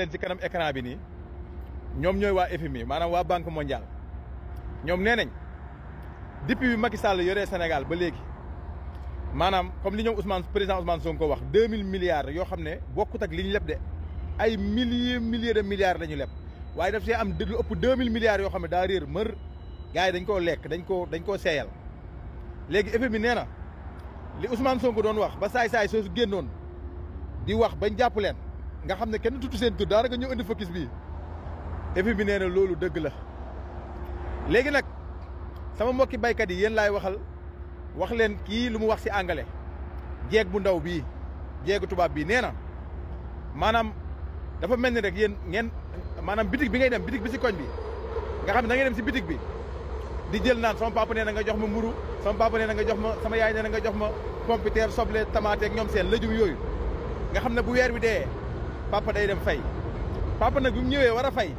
leen ci kanam écran bi nii ñoom ñooy waa FMI maanaam waa banque mondiale ñoom nee nañ depuis bi Macky Sall yoree Sénégal ba léegi maanaam comme li ñoom Ousmane président Ousmane Sonko ko wax deux mille milliards yoo xam ne bokkut ak li ñu leb de ay milliers milliers de milliards la ñu leb waaye daf see am lu ëpp deux mille milliards yoo xam ne daa réer mër gars yi dañ koo lekk dañ koo dañ koo seeyal léegi FMI nee na li Ousmane Sonko doon wax ba saay saay soo génnoon di wax bañ jàpp leen. nga xam ne kenn tuuti seen tur daanaka ñëw indi focus bii épi bi nee na loolu dëgg la léegi nag sama mbokki baykat yi yéen laay waxal wax leen kii lu mu wax si anglais jeeg bu ndaw bii jeegu tubaab bii nee na maanaam dafa mel ni rek yéen ngeen maanaam bitig bi ngay dem bitig bi sikoñ bi nga xam ne da ngay dem si bitig bi di jël naan sama papa ne na nga jox ma mburu sama papa ne na nga jox ma sama yaay nee nga jox ma pompiteer soble tamaate ñoom seen lëjum yooyu nga xam ne bu weer bi dee papa day dem fay papa nag bi mu ñëwee war a fay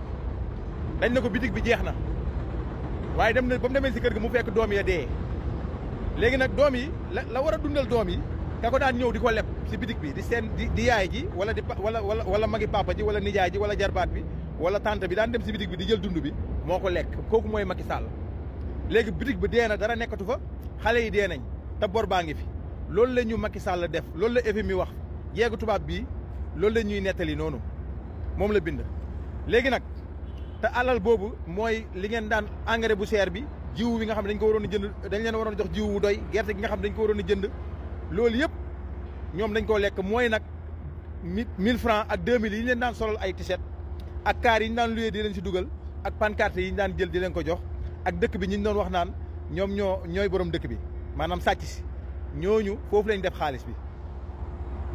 dañ na ko bitig bi jeex na waaye dem na ba demee si kër gi mu fekk doom ya dee léegi nag doom yi la la war a dundal doom yi ka daan ñëw di ko leb si bitig bi di seen di di yaay ji wala di wala wala wala magi papa ji wala nijaay ji wala jarbaat bi wala tante bi daan dem si bitig bi di jël dund bi moo ko lekk kooku mooy Macky Sall léegi bitig bi dee na dara nekkatu fa xale yi dee nañ te bor baa ngi fi loolu la ñu Macky Sall def loolu la FMI wax yeegu tubaab loolu la ñuy nettali noonu moom la bind léegi nag te alal boobu mooy li ngeen daan engrais bu seer bi jiwu bi nga xam dañ ko waroon a jënd dañ leen waroon jox jiwu bu doy gerte gi nga xam dañ ko waroon a jënd loolu yëpp ñoom dañ koo lekk mooy nag mi mille francs ak deux mille yi ñu leen daan solal ay tiset ak kaar yi ñu daan luyee di leen si dugal ak pancarte yi ñu daan jël di leen ko jox ak dëkk bi ñu doon wax naan ñoom ñoo ñooy borom dëkk bi maanaam sàcc si ñooñu foofu lañ def xaalis bi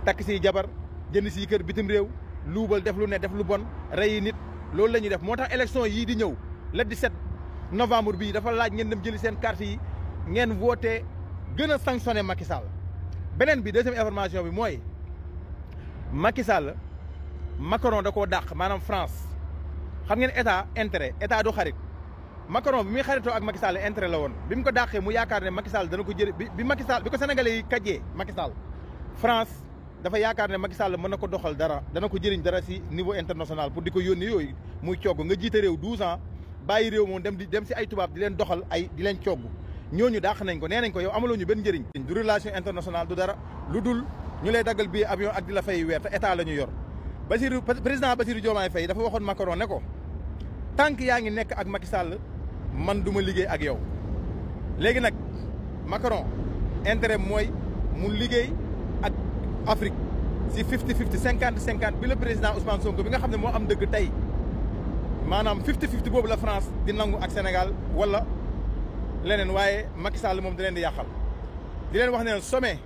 takk si jabar jënd si kër bitim réew luubal def lu ne def lu bon rey nit loolu la ñuy def moo tax élection yii di ñëw le 17 novembre bii dafa laaj ngeen dem jëli seen carte yi ngeen voté gën a sanctionné Macky Sall beneen bi deuxième information bi mooy Macky Sall Macron da koo daq maanaam France xam ngeen état intérêt état du xarit Macron bi muy xaritoo ak Macky Sall intérêt la woon bi mu ko dàqee mu yaakaar ne Macky Sall dana ko jël bi Macky Sall bi ko sénégalais yi kajee Macky dafa yaakaar ne Macky Sall mën na ko doxal dara dana ko jëriñ dara si niveau international pour di ko yónni yooyu muy cogg nga jiite réew 12 ans bàyyi réew moom dem di dem si ay tubaab di leen doxal ay di leen cogg ñooñu dàq nañ ko nee nañ ko yow amaloo ñu benn njëriñ. du relation internationale du dara lu dul ñu lay daggal bii avion ak di la fay weer te état la ñu yor Basirou président Basirou Diomaye Faye dafa waxoon Macron ne ko tànk yaa ngi nekk ak Macky Sall man du liggéey ak yow léegi nag Macron intérêt mooy mu liggéey. Afrique si 50 50 50 50 président Ousmane Sonko bi nga xam ne moo am dëgg tey maanaam boobu la France di nangu ak Sénégal wala leneen waaye Macky Sall moom di leen di yàqal. di leen wax ne sommet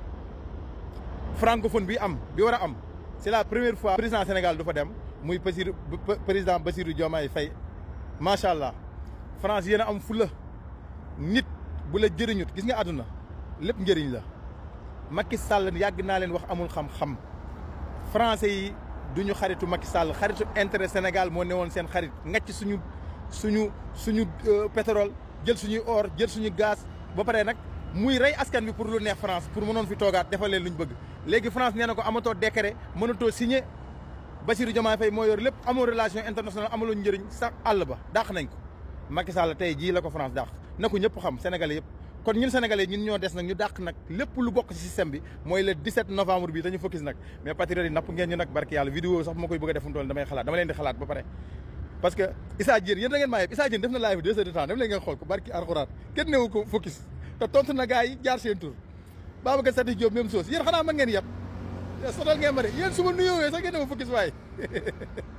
francophone bi am bi war a am c'est la première fois président Sénégal du fa dem muy Bassirou président Bassirou Diomaye Faye macha allah France yéen am fula nit bu la jëriñut gis nga àdduna lépp njëriñ la. Macky Sall yàgg naa leen wax amul xam-xam français yi duñu ñu xaritu Macky Sall xaritu intérêt Sénégal moo ne newoon seen xarit ngacc suñu suñu suñu euh, pétrole jël suñuy or jël suñu gaz ba pare nag muy rey askan bi pour lu neex France pour mënoon fi toogaat defal leen ñu bëgg léegi France nee na ko amatoo décret mënatoo signé Bassirou Diomaye Faye moo yor lépp amoo relation internationale amaloo njëriñ sax àll ba dàq nañ ko Macky tey jii la ko France dàq na ñëpp xam Sénégalais yëpp. kon ñun sénégalais ñun ñoo des nag ñu dàq nag lépp lu bokk ci système bi mooy le 17 novembre bi dañu focus nag mais patriotes yi napp ngeen ñu nag barki yàlla vidéo sax moo koy bëgg a def mu damay xalaat dama leen di xalaat ba pare parce que Issa Diène yéen da ngeen maa yeb Issa Diène def na live deux heures temps def leen ngeen xool ko barki alxuraan kenn newu ko focus te tontu na jaar seen tour Babacar Sadikh Diop même chose yéen xanaa ma ngeen yeb